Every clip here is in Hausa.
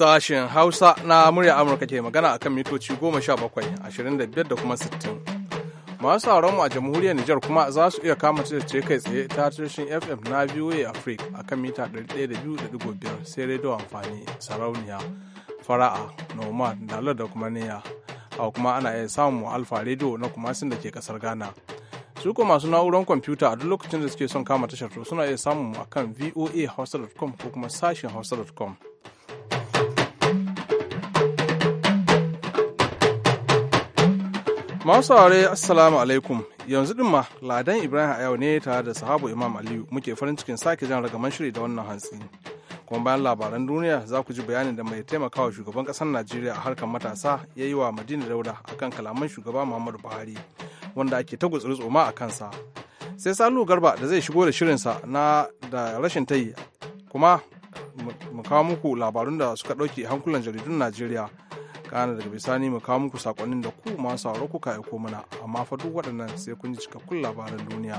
Sashen Hausa na murya Amurka ke magana a kan mitoci bakwai, ashirin da kuma 60. Masu sauran mu a jamhuriyar Nijar kuma za su iya kama ce kai tsaye ta tashin FM na VOA Africa a kan mita 102.5 sai rediyo amfani sarauniya fara'a nomad dalar da kuma niya a kuma ana iya samun alfa rediyo na kumasin da ke kasar Ghana. su ko masu na'urar kwamfuta a duk lokacin da suke son kama tashar to suna iya samun mu akan voahausa.com ko kuma sashen hausa.com Masu aure assalamu alaikum yanzu din ma ladan Ibrahim a yau ne tare da sahabu Imam Aliyu muke farin cikin sake jan ragaman shiri da wannan hantsi. Kuma bayan labaran duniya za ku ji bayanin da mai taimakawa shugaban ƙasar Najeriya a harkar matasa ya yi wa Madina Dauda akan kalaman shugaba Muhammadu Buhari wanda ake ta gutsuri tsoma a kansa. Sai Salu Garba da zai shigo da shirinsa na da rashin tayi kuma mu kawo muku labarun da suka ɗauke hankulan jaridun Najeriya. kana daga bisani mu kawo muku sakonnin da ku masu sauro kuka aiko mana amma fa duk waɗannan sai kun ji cikakkun labaran duniya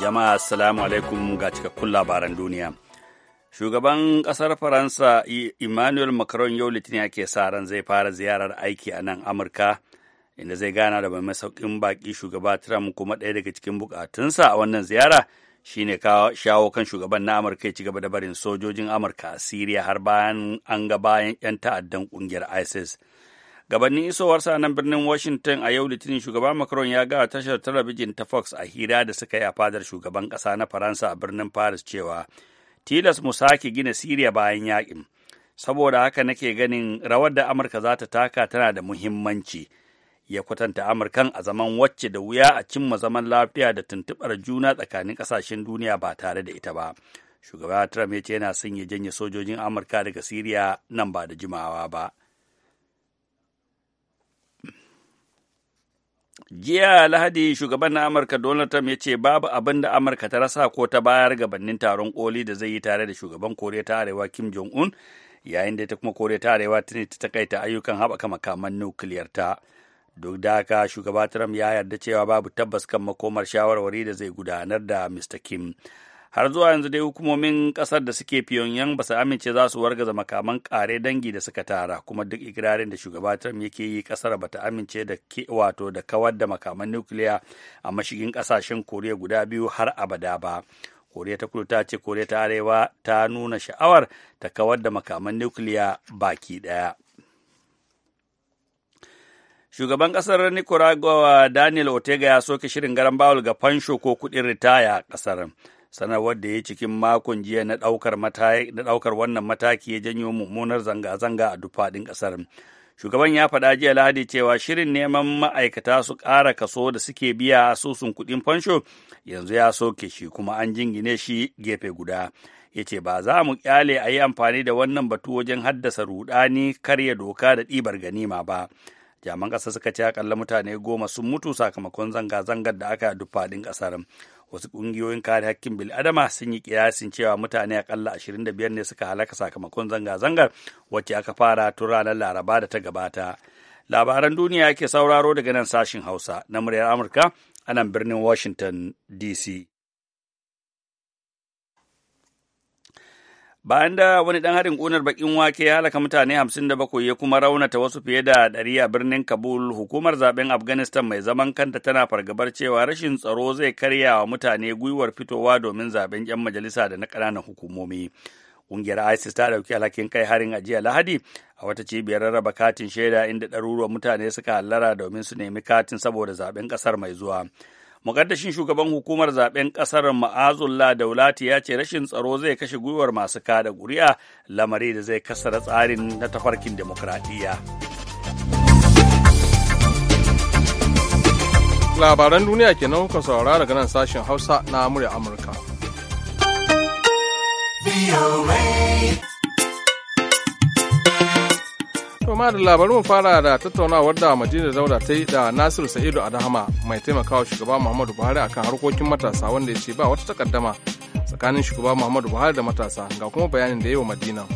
jama'a assalamu alaikum ga cikakkun labaran duniya Shugaban ƙasar Faransa Emmanuel Macron yau Litinin ake sa ran zai fara ziyarar aiki a nan Amurka, inda zai gana da mai masaukin baƙi shugaba Trump kuma ɗaya daga cikin bukatunsa a wannan ziyara Shi shine shawo kan shugaban na amurka ya ci gaba da barin sojojin amurka a siriya har bayan an ga bayan 'yan ta'addan kungiyar isis gabanin isowarsa nan birnin washington a yau litinin shugaban macron ya ga tashar talabijin ta fox a hira da suka yi a fadar shugaban ƙasa na faransa a birnin paris cewa tilas mu sake gina siriya bayan yaƙin." saboda haka nake ganin rawar da amurka za ta taka tana da muhimmanci ya kwatanta amurkan a zaman wacce da wuya a cimma zaman lafiya da tuntubar juna tsakanin kasashen duniya ba tare da ita ba shugaba trump ya ce yana son ya janye sojojin amurka daga siriya nan ba da jimawa ba jiya lahadi shugaban na amurka donald trump ya ce babu abin da amurka ta rasa ko ta bayar gabanin taron koli da zai yi tare da shugaban koriya ta arewa kim jong un yayin da ta kuma koriya ta arewa ta ne ta takaita ayyukan haɓaka makaman nukiliyarta. duk da haka shugaba Trump ya yarda cewa babu tabbas kan makomar shawarwari da zai gudanar da Mr. Kim. Har zuwa yanzu dai hukumomin kasar da suke Pyongyang ba su amince za su wargaza makaman kare dangi da suka tara kuma duk ikirarin da shugaba Trump yake yi kasar ba ta amince da ke wato da kawar da makaman nukiliya a mashigin kasashen Koriya guda biyu har abada ba. Koriya ta kudu ta ce Koriya ta arewa ta nuna sha'awar ta kawar da makaman nukiliya baki daya. Shugaban ƙasar Nicaragua Daniel Ortega ya soke shirin garan bawul ga fansho ko kuɗin ritaya a ƙasar. sanarwar da ya cikin makon jiya na ɗaukar wannan mataki ya janyo mummunar zanga-zanga a duk faɗin ƙasar. Shugaban ya faɗa jiya Lahadi cewa shirin neman ma'aikata su ƙara kaso da suke biya asusun kuɗin fansho yanzu ya soke shi kuma an jingine shi gefe guda. Ya ce ba za mu kyale a yi amfani da wannan batu wajen haddasa rudani karya doka da ɗibar ganima ba. jaman ƙasa suka ce akalla mutane goma sun mutu sakamakon zanga-zangar da aka duk faɗin ƙasar wasu ƙungiyoyin kare hakkin bil'adama sun yi ƙiyasin cewa mutane akalla biyar ne suka halaka sakamakon zanga-zangar wacce aka fara tun ranar laraba da ta gabata labaran duniya yake sauraro daga nan sashin hausa na muryar amurka anan birnin washington dc bayan da wani dan harin ƙunar bakin wake ya halaka mutane bakwai ya kuma raunata wasu fiye da ɗari a birnin kabul hukumar zaben afghanistan mai zaman kanta tana fargabar cewa rashin tsaro zai karya wa mutane gwiwar fitowa domin zaben 'yan majalisa da na ƙananan hukumomi ƙungiyar isis ta ɗauki alhakin kai harin ajiya lahadi a wata cibiyar rarraba katin shaida inda ɗaruruwan mutane suka hallara domin su nemi katin saboda zaben ƙasar mai zuwa Mukaddashin shugaban hukumar zaben kasar Ma'azulla Daulati ya ce rashin tsaro zai kashe gwiwar masu kada guri'a lamari da zai kasara tsarin na tafarkin demokradiyya. Labaran duniya kenan kuka saurara daga nan sashen Hausa na murya Amurka. To ma da labarin mu fara da tattaunawar da Madina Dauda ta yi da Nasiru Sa'idu Adahama mai taimakawa shugaba Muhammadu Buhari akan harkokin matasa wanda ya ce ba wata takaddama tsakanin shugaba Muhammadu Buhari da matasa ga kuma bayanin da ya yi wa Madina.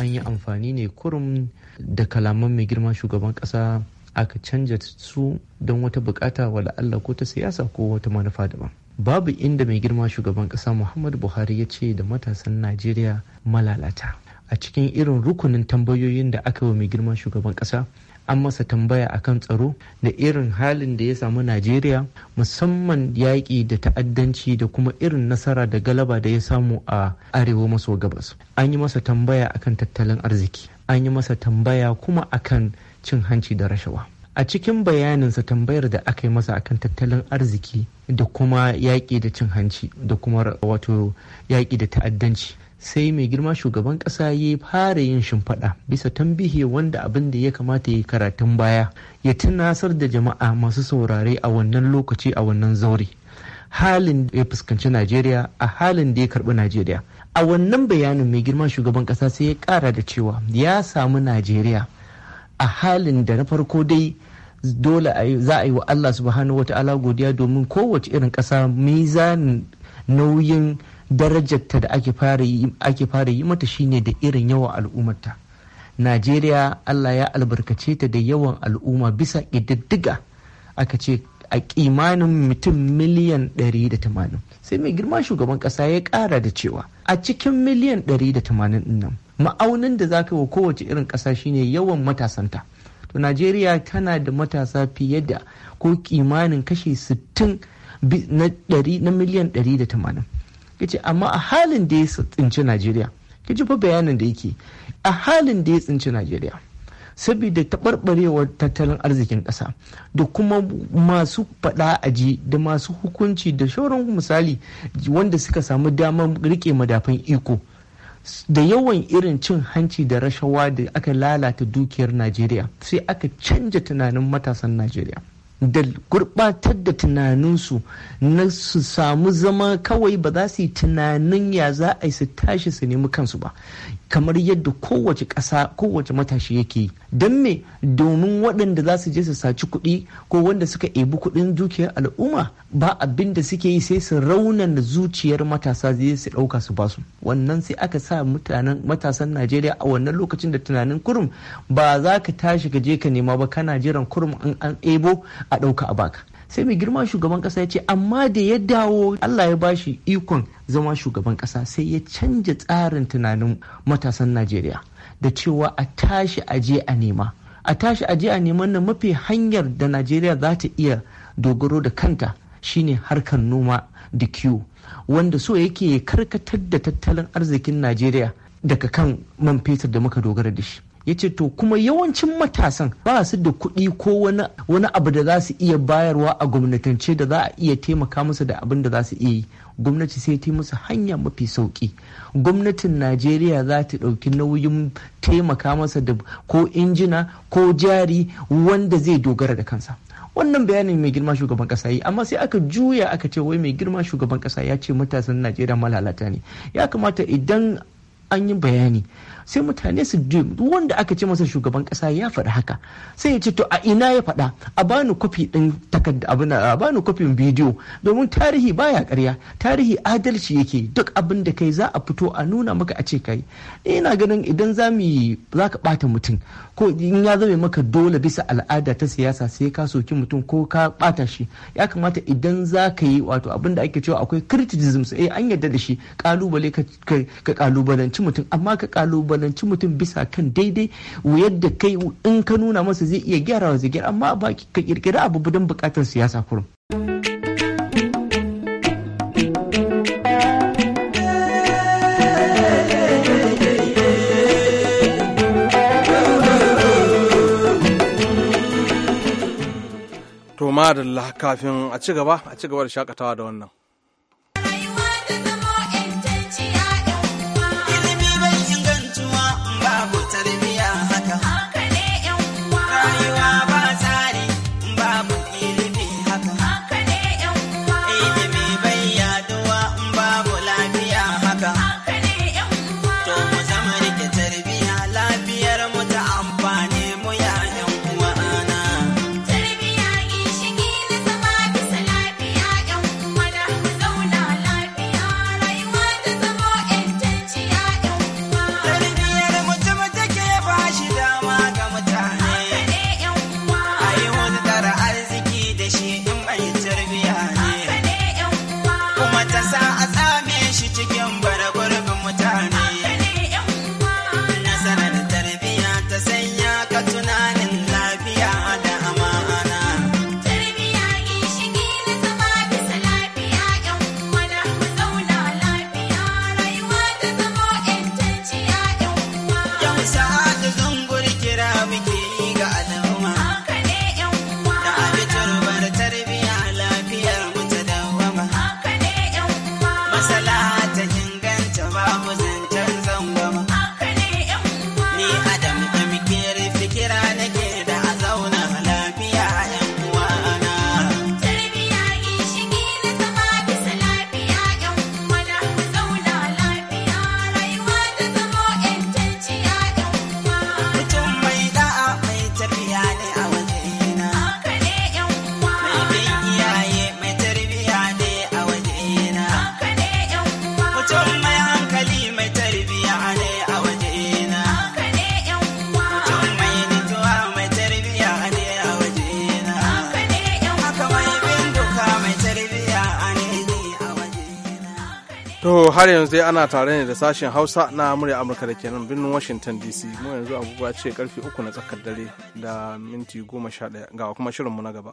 An yi amfani ne kurum da kalaman mai girma shugaban kasa aka canja su don wata bukata wala Allah ko ta siyasa ko wata manufa daban. Babu inda mai girma shugaban kasa Muhammadu Buhari ya ce da matasan Najeriya malalata. a cikin irin rukunin tambayoyin da aka yi wa mai girman shugaban ƙasa an masa tambaya akan tsaro da irin halin da ya samu najeriya musamman yaƙi da ta'addanci da kuma irin nasara da galaba da ya samu a arewa maso gabas an yi masa tambaya akan tattalin arziki an yi masa tambaya kuma akan cin hanci da rashawa a cikin bayaninsa tambayar da aka yi masa akan tattalin arziki da kuma yaƙi da cin hanci da kuma wato yaƙi da ta'addanci sai mai girma shugaban ƙasa ya fara yin shimfaɗa, bisa tambihi wanda abin da ya kamata ya yi karatun baya ya tunasar da jama'a masu saurare a wannan lokaci a wannan zaure halin da ya fuskanci najeriya a halin da ya karɓi najeriya a wannan bayanin mai girma shugaban ƙasa sai ya ƙara da cewa ya samu najeriya a halin da na farko dai dole za a yi wa Allah subhanahu ta'ala godiya domin kowace irin ƙasa mizanin nauyin darajarta da ake fara yi mata shine da irin yawan al'ummarta najeriya allah ya albarkace ta da yawan al'umma bisa ƙididdiga aka ce a kimanin mutum miliyan 180 sai mai girma shugaban ƙasa ya ƙara da cewa a cikin miliyan 180 nan ma'aunin da za ka wa kowace irin ƙasa shine yawan matasanta to najeriya tana da matasa fiye da ko kimanin kashi 60 na miliyan 180 yace amma a halin da ya tsinci najeriya kaji fa bayanin da yake a halin da ya tsinci najeriya saboda taɓarɓarewar tattalin arzikin ƙasa da kuma masu faɗa aji da masu hukunci da shauran misali wanda suka samu damar riƙe madafan iko da yawan irin cin hanci da rashawa da aka lalata dukiyar najeriya sai aka canja tunanin matasan najeriya da gurɓatar da tunaninsu na su samu zama kawai ba za su yi tunanin ya za a yi su tashi su nemi kansu ba kamar yadda kowace ƙasa kowace matashi yake don me domin waɗanda za su je su saci kuɗi ko wanda suka ebi kuɗin dukiyar al'umma ba abin da suke yi sai su raunana zuciyar matasa zai su ɗauka su basu wannan sai aka sa mutanen matasan najeriya a wannan lokacin da tunanin kurum ba za ka tashi ka je ka nema ba kana jiran kurum an ebo a ɗauka a baka sai mai girma shugaban kasa ya ce amma da ya dawo Allah ya bashi ikon zama shugaban kasa sai ya canja tsarin tunanin matasan Najeriya da cewa a tashi aje a nema a tashi aje a neman na mafi hanyar da Najeriya za ta iya dogaro da kanta shine harkar noma da kiwo wanda so yake karkatar da tattalin arzikin Najeriya daga kan man fetur da muka dogara da shi ya ce to kuma yawancin matasan ba su da kuɗi ko wani abu da za su iya bayarwa a gwamnatance da za a iya taimaka musu da abin da za su iya yi gwamnati sai ta musu hanya mafi sauki gwamnatin najeriya za ta ɗauki nauyin taimaka masa da ko injina ko jari wanda zai dogara da kansa wannan bayanin mai girma shugaban kasa yi amma sai aka juya aka ce wai mai girma shugaban kasa ya ce matasan najeriya malalata ne ya kamata idan an yi bayani sai mutane su duk wanda aka ce masa shugaban kasa ya faɗi haka sai ya ce to a ina ya faɗa a bani kwafi ɗin takarda abin a bani kwafin bidiyo domin tarihi baya karya tarihi adalci yake duk abin da kai za a fito a nuna maka a ce kai ina ganin idan za mu yi za ka ɓata mutum ko in ya zame maka dole bisa al'ada ta siyasa sai ka soki mutum ko ka ɓata shi ya kamata idan za ka yi wato abin da ake cewa akwai criticism sai eh, an yarda da shi kalubale ka kalubalanci mutum amma ka kalubale mu'amalanci mutum bisa kan daidai wuyar da kai in ka nuna masa zai iya gyarawa zai gyara amma ba ka kirkira abu don bukatar siyasa kurum To ma da kafin a ci gaba a ci gaba da shakatawa da wannan. To har yanzu dai ana tare ne da sashen Hausa na murya Amurka da kenan birnin Washington DC. Mu yanzu abubuwa ce karfe uku na tsakar dare da minti goma sha ɗaya ga kuma shirinmu na gaba.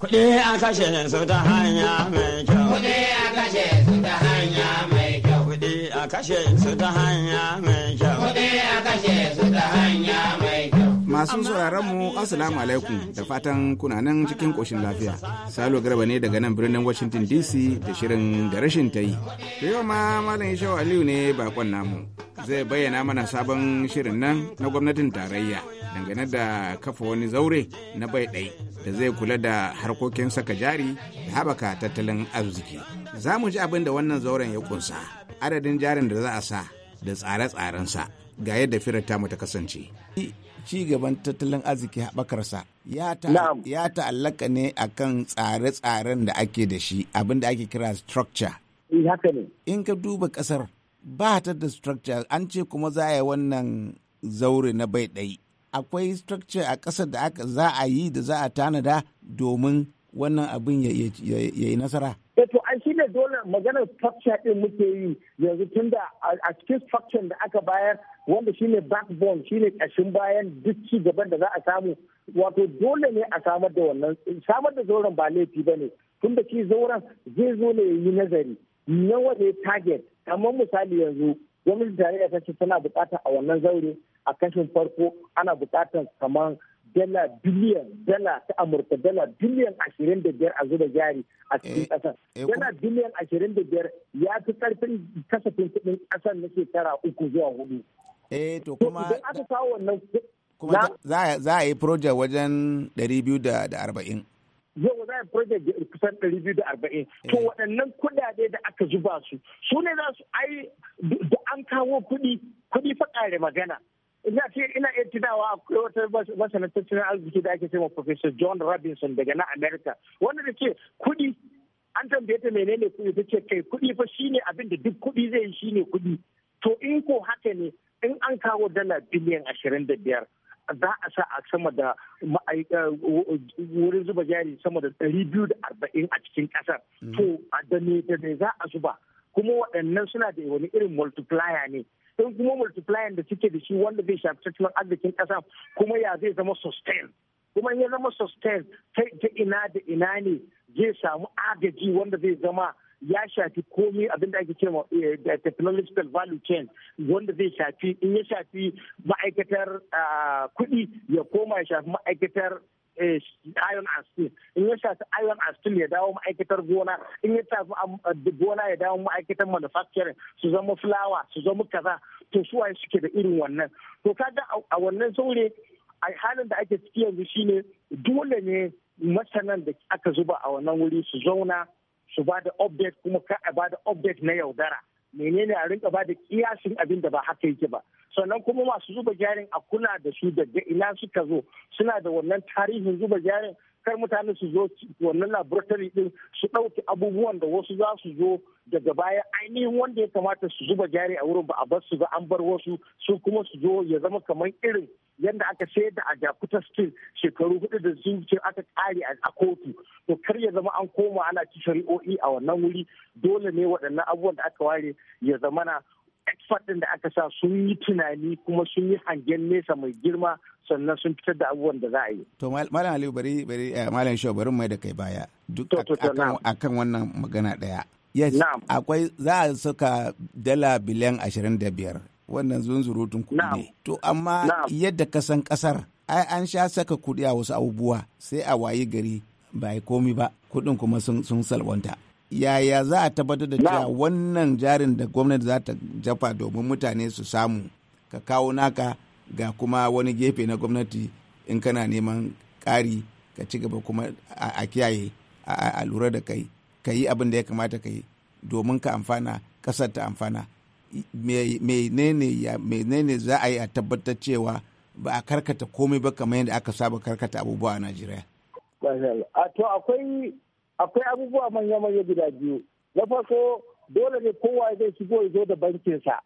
Kuɗi a kashe su ta hanya mai kyau. Kuɗi a kashe su ta hanya mai kyau. Kuɗi a kashe su ta hanya mai kyau. Kuɗi a kashe su ta hanya mai kyau. Masu sauraron mu Assalamu alaikum da fatan kuna nan cikin koshin lafiya. Salo Garba ne daga nan birnin Washington DC da shirin da rashin ta yi. To yau ma Malam Ishau Aliyu ne bakon namu. Zai bayyana mana sabon shirin nan na gwamnatin tarayya dangane da kafa wani zaure na bai ɗai da zai kula da harkokin saka jari da haɓaka tattalin arziki. Za mu ji abin da wannan zauren ya kunsa, adadin jarin da za a sa da tsare-tsarensa. ga yadda firar tamu ta kasance. Ci gaban tattalin arziki haɓakarsa ya ta'allaka ne a kan tsare-tsaren da ake da shi abin da ake kira structure. Eh, In ka duba ƙasar ba ta da structure an ce kuma za a yi wannan zaure na bai ɗai. Akwai structure a ƙasar da za a yi da za a tanada domin wannan abin ya yi nasara. an shi ne dole maganar structure din muke yi yanzu tun da a cikin structure da aka bayar wanda shine backbone shine kashin bayan duk ci gaban da za a samu wato dole ne a samar da wannan samar da zauren ba laifi ba ne tun da shi zauren zai zo ne yi nazari nawa ne target amma misali yanzu gwamnati tarayya ta ce tana bukata a wannan zaure a kashin farko ana bukatar kamar dala biliyan dala ta amurka dala biliyan ashirin da biyar a zuba jari a cikin eh, ƙasar eh, dala biliyan ashirin da biyar ya fi karfin kasafin kudin ƙasar na shekara uku zuwa hudu eh to kuma aka kawo wannan kuma za a yi project wajen ɗari biyu da arba'in yau za a project kusan ɗari biyu da arba'in to eh. waɗannan kudade da aka zuba su su ne za su ai da an kawo kuɗi kuɗi fa kare magana ina ce ina iya tunawa akwai wata masanin arziki da ake cewa Professor John Robinson daga na America wanda da ce kuɗi an tambaye ta menene kuɗi ta ce kai kuɗi fa shine abin da duk kuɗi zai yi shine kuɗi to in ko haka ne in an kawo dala biliyan ashirin da biyar za a sa a sama da eh, wurin zuba jari sama da ɗari biyu da arba'in a cikin ƙasar mm. to da ne za a zuba kuma waɗannan suna da wani irin multiplier ne sun kuma multiplier da suke da shi wanda zai shafi tattalin arzikin ƙasa kuma ya zai zama sustain kuma ya zama sustain ta ina da ina ne zai samu agaji wanda zai zama ya shafi komai abin da ake cewa eh, technological value chain wanda zai shafi in ya shafi ma'aikatar ah, kuɗi ya koma ya shafi ma'aikatar Eh, iron and steel in ya shafi iron and steel ya dawo ma'aikatar gona in ya shafi um, gona ya dawo ma'aikatar manufacturing su zama fulawa su zama kaza to su waye suke da irin wannan to kaga a wannan saurin a halin da ake ciki yanzu shine dole ne masanan da aka zuba a wannan wuri su zauna su ba da update kuma ka ba da update na yaudara menene a rinka ba da kiyasin abin da ba haka yake ba sannan kuma masu zuba jarin a kula da su daga ina suka zo suna da wannan tarihin zuba jarin kar mutane su zo wannan laboratory din su ɗauki abubuwan da wasu za su zo daga baya ainihin wanda ya kamata su zuba jari a wurin ba a bar su ba an bar wasu su kuma su zo ya zama kamar irin yadda aka sayar da a jakuta steel shekaru hudu da zuciya aka kare a kotu to kar ya zama an koma ana ci shari'o'i a wannan wuri dole ne waɗannan abubuwan da aka ware ya zama na expert ɗin da aka sa sun yi tunani kuma sun yi hangen nesa mai girma sannan sun fitar da abubuwan da za a yi. To Malam Aliyu bari bari eh, Malam shaw bari mai da kai baya duk akan wannan magana ɗaya. Yes, akwai za a saka dala biliyan ashirin da biyar wannan zunzurutun kuɗi ne. To amma yadda ka san ƙasar ai an sha saka kuɗi a wasu abubuwa sai a wayi gari ba yi komi ba kuɗin kuma sun salwanta. Yaya za a tabbatar da cewa wannan jarin da gwamnati za ta jafa domin mutane su samu ka kawo naka ga kuma wani gefe na gwamnati in kana neman ƙari ka ci gaba kuma a kiyaye a lura da kai ka yi abin da ya kamata ka yi domin ka amfana ƙasar ta amfana menene za a yi a tabbatar cewa ba a karkata komai ba kamar yadda aka saba karkata abubuwa a Najeriya? To akwai akwai abubuwa manya-manya guda biyu. Na farko dole ne kowa zai shigo ya zo da bankinsa.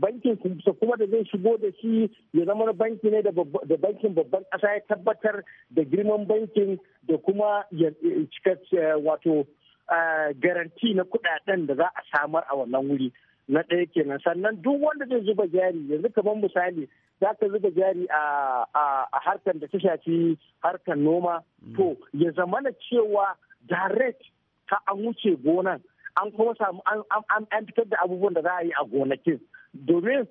Bankin kusa kuma da zai shigo da shi ya zama na banki ne da bankin babban ƙasa ya tabbatar da girman bankin da kuma eh, wato eh, garanti na kuɗaɗen da za a samar a wannan wuri. na ɗaya kenan sannan duk wanda zai zuba jari yanzu kamar misali za ka zuba jari a harkar da ta shafi harkar noma mm. to ya zamana cewa direct ka an wuce gonan an kuma samu an fitar da abubuwan da za a yi a gonakin domin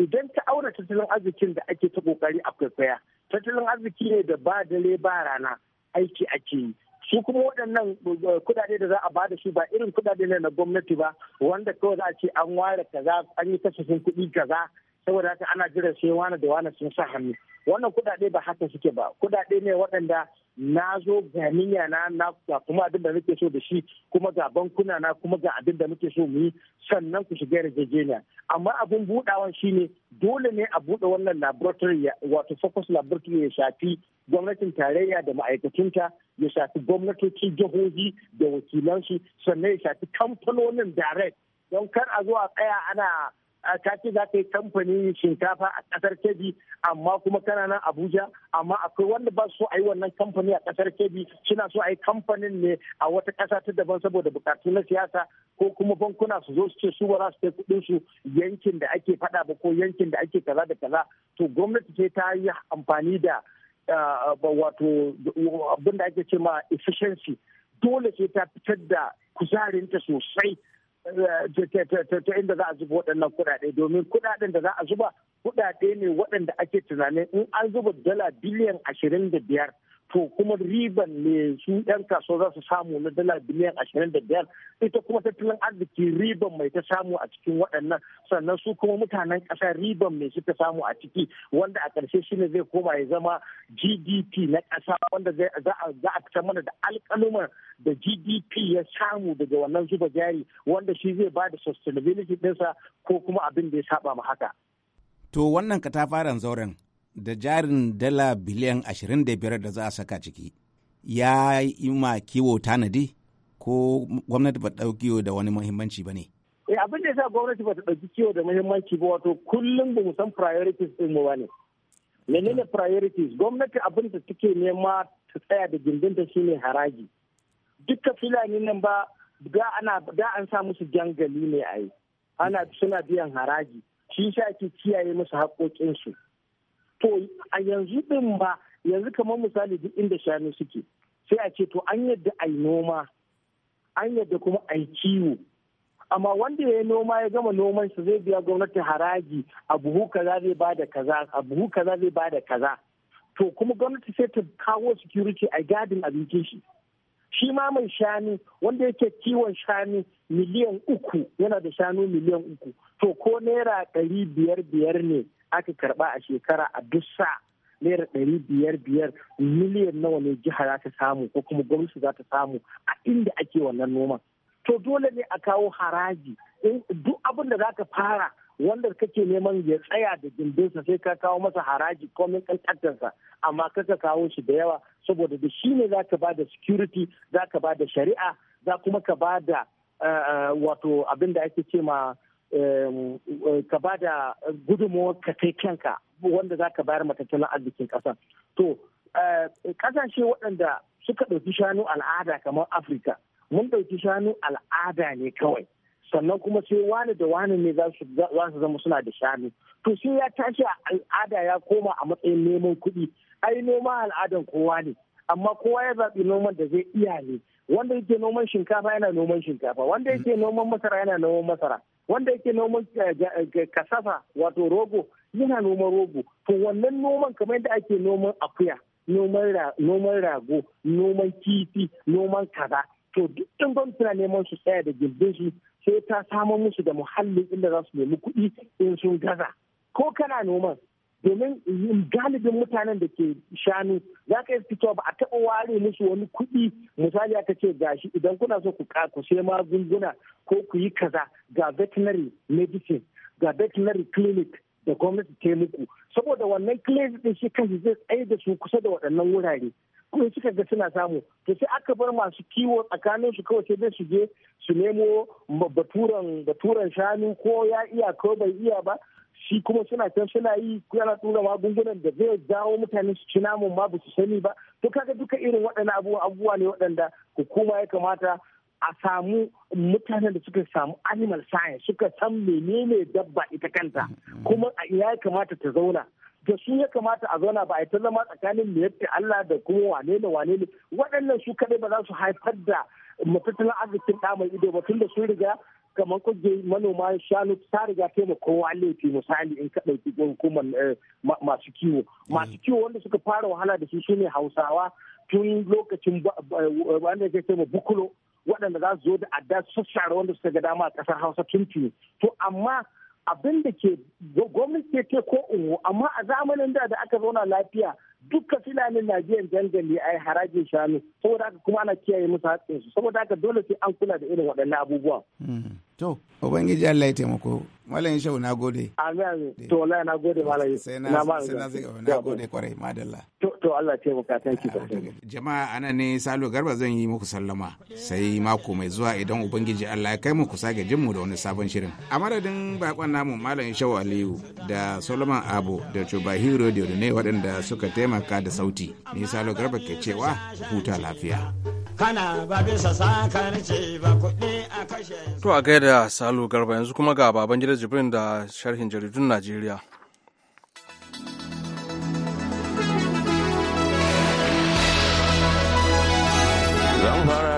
idan ta aure tattalin arzikin da ake ta kokari a kwaikwaya tattalin arziki ne da ba dare ba rana aiki ake yi su kuma waɗannan eh, kudade da za a bada su ba irin kudade ne na gwamnati ba wanda kawai za a ce an ware kaza an yi kasafin kuɗi kaza saboda haka ana jira sai wani da wani sun sa hannu wannan kudade ba haka suke ba kudade ne waɗanda na zo ga niyya na na kuma abin da nake so da shi kuma ga bankuna na kuma ga abin da nake so mu yi sannan ku shiga yarjejeniya amma abin budawan shine dole ne a bude wannan laboratory wato focus laboratory ya shafi gwamnatin tarayya da ma'aikatunta ya shafi gwamnatocin jihohi da wakilansu sannan ya shafi kamfanonin direct don kar a zo a tsaya ana ta ce za ta yi kamfanin shinkafa a kasar kebbi amma kuma kana nan abuja amma akwai wanda ba su so a yi wannan kamfani a kasar kebbi suna so a yi kamfanin ne a wata kasa ta daban saboda bukatu na siyasa ko kuma bankuna su zo su ce su ba za su kai kudin su yankin da ake fada ba ko yankin da ake kaza da kaza to gwamnati ce ta yi amfani da wato abin da ake ce ma efficiency dole ce ta fitar da kuzarinta sosai ta inda za a zuba waɗannan kuɗaɗe domin kuɗaɗen da za a zuba kuɗaɗe ne waɗanda ake tunanin in an zuba dala biliyan ashirin da biyar to kuma riban ne su 'yan kasuwa za su samu na dala biliyan ashirin da biyar ita kuma tattalin arziki riban mai ta samu a cikin waɗannan sannan su kuma mutanen ƙasa riban mai suka samu a ciki wanda a ƙarshe ne zai koma ya zama gdp na ƙasa wanda za a fitar mana da alƙaluman da gdp ya samu daga wannan zuba jari wanda shi zai ba da sustainability ɗinsa ko kuma abin da ya saba ma haka. to wannan katafaren zauren da jarin dala biliyan 25 da za a saka ciki ya yi ma kiwo tanadi ko gwamnati ba ɗauki da wani muhimmanci ba ne? Eh abin da sa gwamnati ba ta ɗauki kiwo da muhimmanci ba wato kullum ba san priorities din mu ne Menene priorities? Gwamnati abin da take nema ta tsaya da gindinta shine haraji. duka filani nan ba da ana da an sa musu jangali ne a yi. Ana suna biyan haraji. Shi sa ake kiyaye musu haƙoƙinsu. to a yanzu din ba yanzu kamar misali duk inda shanu suke sai a ce to an yadda a yi noma an yadda kuma a yi kiwo amma wanda ya yi noma ya gama noman shi zai biya gwamnati haraji a buhu kaza zai ba da kaza a buhu kaza zai ba da kaza to kuma gwamnati sai ta kawo security a gadin abincin shi shi ma mai shanu wanda yake kiwon shanu miliyan uku yana da shanu miliyan uku to ko naira ɗari biyar biyar ne aka karba a shekara a duk sa naira ɗari biyar biyar miliyan nawa ne jiha za ta samu ko kuma gwamnati za ta samu a inda ake wannan noman to dole ne a kawo haraji duk abin da za ka fara wanda kake neman ya tsaya da gindinsa sai ka kawo masa haraji komin kankantarsa amma kaka kawo shi da yawa saboda da shi ne za ka ba da security za ka ba da shari'a za kuma ka ba da eh, eh, wato abin da ake ce ma ka ba da gudunmawar ka kai kanka wanda za ka bayar matattalin arzikin ƙasa to eh, ƙasashe waɗanda suka ɗauki shanu al'ada kamar afirka mun ɗauki shanu al'ada ne kawai sannan kuma sai wani da wani ne za su zama suna da shanu to sai ya tashi al'ada ya koma a matsayin neman kuɗi ai noma al'adan kowa ne amma kowa ya zaɓi noman da zai iya ne wanda yake noman shinkafa yana noman shinkafa wanda yake noman masara yana noman masara wanda yake noman eh, eh, kasafa wato rogo yana noman rogo to wannan noman kamar yadda ake noman akuya noman rago noman kifi noman kaza to duk ɗin gwamnati suna neman su tsaya da gindin su sai ta samar musu da muhalli inda za su nemi kuɗi in sun gaza ko kana noman domin galibin mutanen da ke shanu za ka yi fito ba a taɓa ware musu wani kuɗi misali aka ce gashi idan kuna so ku ku sai magunguna ko ku yi kaza ga veterinary medicine ga veterinary clinic da gwamnati ta muku saboda wannan clinic din shi kan zai tsaye da su kusa da waɗannan wurare kuma suka ga suna samu to sai aka bar masu kiwo tsakanin su kawai sai dai su je su nemo baturan baturan shanu ko ya iya ko bai iya ba shi kuma suna can suna yi yana tura magungunan da zai jawo mutane su ci namun ma ba su sani ba to kaga duka irin waɗannan abubuwa abubuwa ne waɗanda hukuma ya kamata a samu mutanen da suka samu animal science suka san menene dabba ita kanta kuma ya kamata ta zauna da su ya kamata a zauna ba a ta zama tsakanin yadda Allah da kuma wane ne wane ne waɗannan su kaɗai ba za su haifar da matattalin arzikin ɗa mai ido ba tun da sun riga kamar kuje manoma shanu ta riga taimaka kowa laifi misali in ka ɗauki hukumar eh, masu kiwo masu kiwo wanda suka fara wahala da su ne hausawa tun lokacin wanda ke taimaka bukulo waɗanda za su zo da adda su share wanda suka ga dama a ƙasar hausa tun tuni to amma abin da ke gwamnati ke ko unwo amma a zamanin da da aka zauna lafiya dukkan filanin Najeriya jangali a harajin shanu saboda haka kuma ana kiyaye musu haƙƙinsu saboda haka dole sai an kula da irin waɗannan abubuwa. Hmm. To, Ubangiji Allah ya taimako. Malam Shehu na gode. Amin. To ya na gode malam. Sai na sai na zai na gode kwarai madalla. To to Allah ya taimaka thank you. Jama'a anan ne Salo Garba zan yi muku sallama. Sai mako mai zuwa idan Ubangiji Allah ya kai mu ku sake jin mu da wani sabon shirin. A madadin bakon namu Malam Shehu Aliyu da Solomon Abo da Chubahiro ne waɗanda suka taimaka da sauti. Ni Salo Garba ke cewa huta lafiya. kana ba bisa ce ba kuɗi a kashe to a gaida salu garba yanzu kuma ga baban gidan jibrin da sharhin jaridun najeriya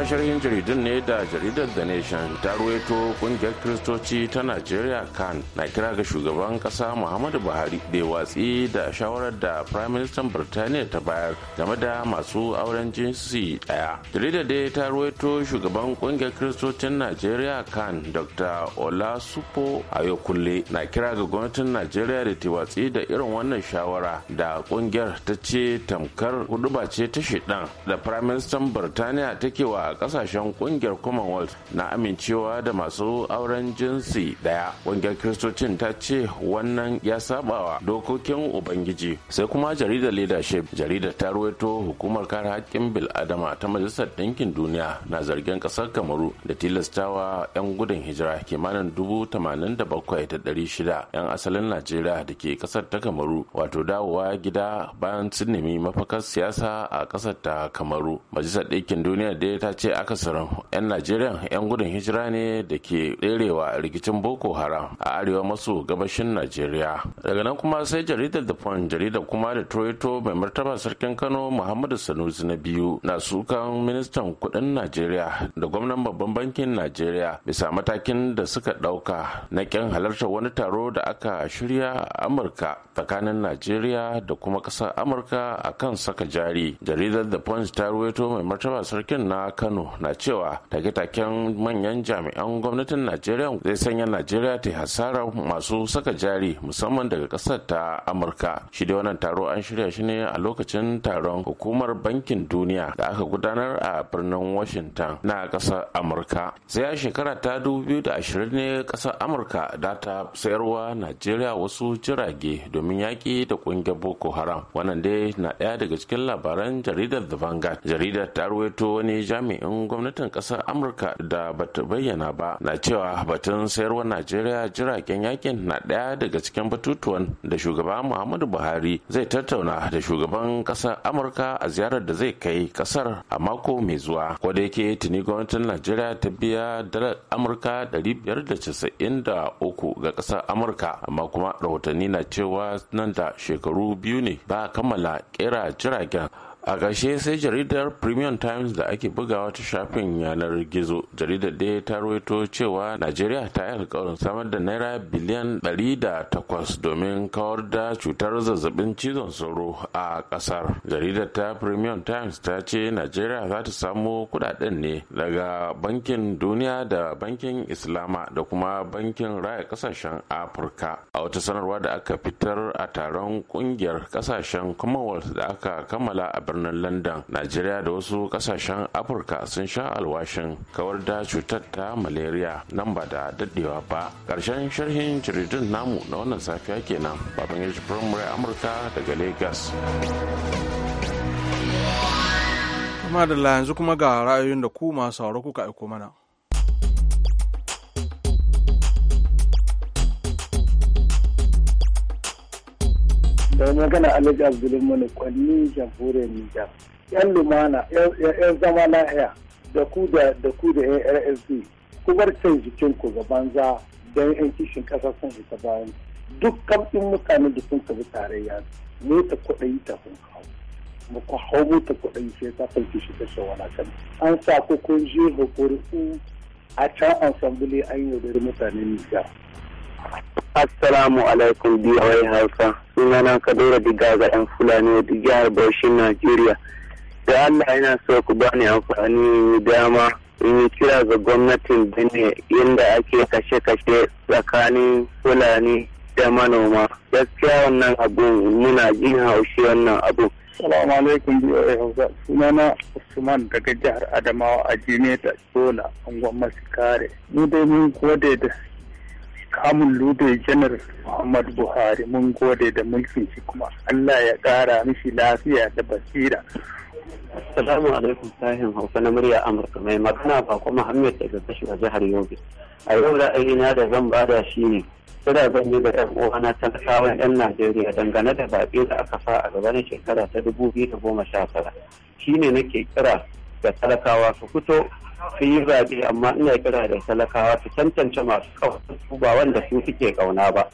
sharhin jaridun ne da jaridar the nation ta ruwaito kungiyar kiristoci ta najeriya kan na kira ga shugaban kasa muhammadu buhari da watsi da shawarar da prime minister birtaniya ta bayar game da masu auren jinsi daya jaridar dai ta ruwaito shugaban kungiyar kiristocin najeriya kan dr olasupo ayokulle na kira ga gwamnatin najeriya da ta watsi da irin wannan shawara da kungiyar ta ce tamkar huduba ce ta shidan da prime minister birtaniya take wa kasashen kungiyar commonwealth na amincewa da masu auren jinsi daya kungiyar kiristocin ta ce wannan ya sabawa dokokin ubangiji sai kuma jaridar leadership jaridar ta ruwaito hukumar kare haƙƙin bil'adama ta majalisar ɗinkin duniya na zargin ƙasar kamaru da tilastawa 'yan gudun hijira kimanin dubu tamanin da bakwai da ɗari shida 'yan asalin najeriya da ke ƙasar ta kamaru wato dawowa gida bayan sun nemi mafakar siyasa a ƙasar ta kamaru majalisar ɗinkin duniya da ta ce ce akasarin 'yan najeriya 'yan gudun hijira ne da ke ɗerewa rikicin boko haram a arewa maso gabashin najeriya daga nan kuma sai jaridar da fon jaridar kuma da troito mai martaba sarkin kano muhammadu sanusi na biyu na sukan ministan kudin najeriya da gwamnan babban bankin najeriya bisa matakin da suka ɗauka na kyan halartar wani taro da aka shirya a amurka tsakanin najeriya da kuma ƙasar amurka a kan saka jari jaridar da fon ta ruwaito mai martaba sarkin na kano kano na cewa take-taken manyan jami'an gwamnatin najeriya zai sanya najeriya ta hasara masu saka jari musamman daga kasar ta amurka shi dai wannan taro an shirya shi ne a lokacin taron hukumar bankin duniya da aka gudanar a birnin washington na kasar amurka sai a shekara ta 2020 ne kasar amurka da ta sayarwa najeriya wasu jirage domin yaƙi da ƙungiyar boko haram wannan dai na ɗaya daga cikin labaran jaridar the vanguard jaridar ta ruwaito wani jami'in jami'in gwamnatin kasar amurka da bata bayyana ba na cewa batun sayarwar najeriya jiragen yakin na ɗaya daga cikin batutuwan da shugaba muhammadu buhari zai tattauna da shugaban ƙasar amurka a ziyarar da zai kai kasar a mako mai zuwa ko da yake tuni gwamnatin najeriya ta biya dalar amurka 593 ga ƙasar amurka amma kuma rahotanni na cewa nan da shekaru biyu ne ba kammala kera jiragen a ƙarshe sai jaridar premium times da ake bugawa ta shafin yanar gizo jaridar da ta ruwaito cewa najeriya ta yi alkawarin samar da naira biliyan 108 domin kawar da cutar zazzabin cizon sauro a ƙasar jaridar ta premium times ta ce najeriya za ta samo kudaden ne daga bankin duniya da bankin islama da kuma bankin raya kasashen afirka a wata sanarwa da aka fitar a taron ƙungiyar ƙasashen commonwealth da aka kammala a birnin london najeriya da wasu kasashen afirka sun sha alwashin kawar da cutar ta malaria nan ba da daɗewa ba ƙarshen sharhin jaridun namu na wannan safiya kenan baban yaji firamare amurka daga lagos kuma da yanzu kuma ga ra'ayoyin da ku masu sauraro kuka aiko mana da magana alhaji mani kwanni jamhuriyar nijar yan lumana yan zama lahiya da ku da da ku da arsd ku bar can jikin ku ga banza don yan kishin kasa sun isa bayan duk kamfin mutane da sun tafi tarayya ta kuɗi ta kun hau mu ku hau ta kuɗi sai ta san kishi ta shawara kan an sa ku kun je hukuri a can ansambuli an yi yaudari mutanen nijar Assalamu alaikum BOA Hausa. Sunana Kadora Diga ga 'yan Fulani da jihar Bauchin Najeriya. Da Allah yana so ku bani amfani dama in yi kira ga gwamnatin Benin inda ake kashe-kashe tsakanin Fulani da manoma. Gaskiya wannan abun muna jin haushi wannan abun. Salamu alaikum BOA Hausa. Sunana Usman daga jihar Adamawa a Jimeta Sola, Angon Masikare. Ni dai mun gode da kamun lude janar muhammadu buhari mun gode da mulkin shi kuma allah ya ƙara mishi lafiya da basira Salamu alaikum sahin hausa na murya Amurka mai magana ba kuma Muhammad daga a jihar Yobe. A yau ra'ayina da zan bada shi ne kira zan yi ga ɗan uwana talakawan 'yan Najeriya dangane da baƙi da aka fa a gaba na shekara ta dubu biyu da goma sha tara. Shi ne nake kira da talakawa su fito su yi zaɓe amma ina kira da talakawa su tantance masu kawo ba wanda su suke ƙauna ba.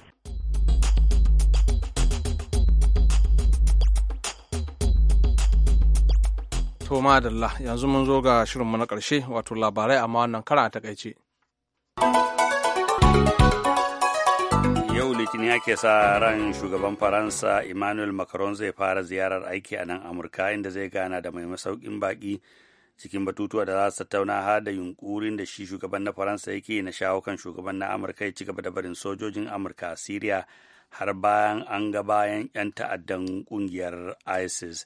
To madalla yanzu mun zo ga shirinmu na ƙarshe wato labarai amma wannan kara a takaice. Yau Litinin ake sa ran shugaban Faransa Emmanuel Macron zai fara ziyarar aiki a nan Amurka inda zai gana da mai masaukin baƙi cikin batutuwa da za su tattauna har da yunkurin da shi shugaban na faransa yake na shawo kan shugaban na amurka ya ci gaba da barin sojojin amurka a syria har bayan an ga bayan 'yan ta'addan kungiyar isis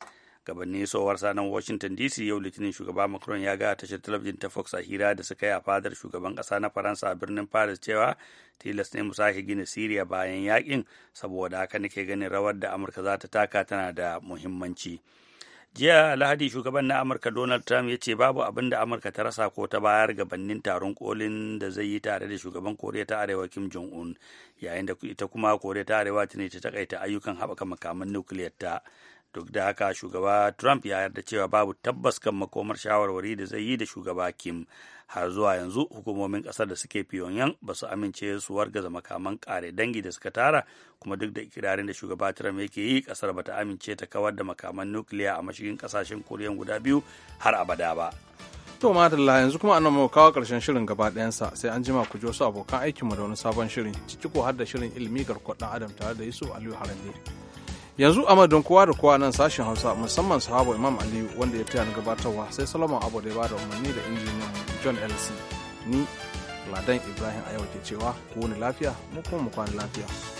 gabanin sowar sanan washington dc yau litinin shugaba macron ya ga tashar talabijin ta fox a hira da suka yi a fadar shugaban kasa na faransa a birnin paris cewa tilas ne mu sake gina syria bayan yakin saboda haka nake ganin rawar da amurka za ta taka tana da muhimmanci. jiya lahadi shugaban na amurka donald trump ya ce babu abin da amurka ta rasa ko ta bayar gabanin taron kolin da zai yi tare da shugaban koriya ta arewa kim jong un yayin da ita kuma koriya ta arewa ta ne ta takaita ayyukan haɓaka makaman nukiliyar ta duk da haka shugaba trump ya yarda cewa babu tabbas kan makomar shawarwari da zai yi da shugaba kim har zuwa yanzu hukumomin kasar da suke pyongyang ba su amince su wargaza makaman kare dangi da suka tara kuma duk da ikirarin da shugaba trump yake yi kasar bata amince ta kawar da makaman nukiliya a mashigin kasashen koriyan guda biyu har abada ba to madalla yanzu kuma ana mu kawo karshen shirin gaba ɗayansa sai an jima ku ji wasu abokan aikinmu da wani sabon shirin ciki ko har da shirin ilimi garkuwar adam tare da yusuf aliyu harande yanzu a madadin kowa da kowa nan sashen hausa musamman sahabo imam aliyu wanda ya taya ni gabatarwa sai solomon abu da ya bada umarni da injiniyan john lc ni ladan ibrahim a ke cewa ku wani lafiya mu kuma mu kwana lafiya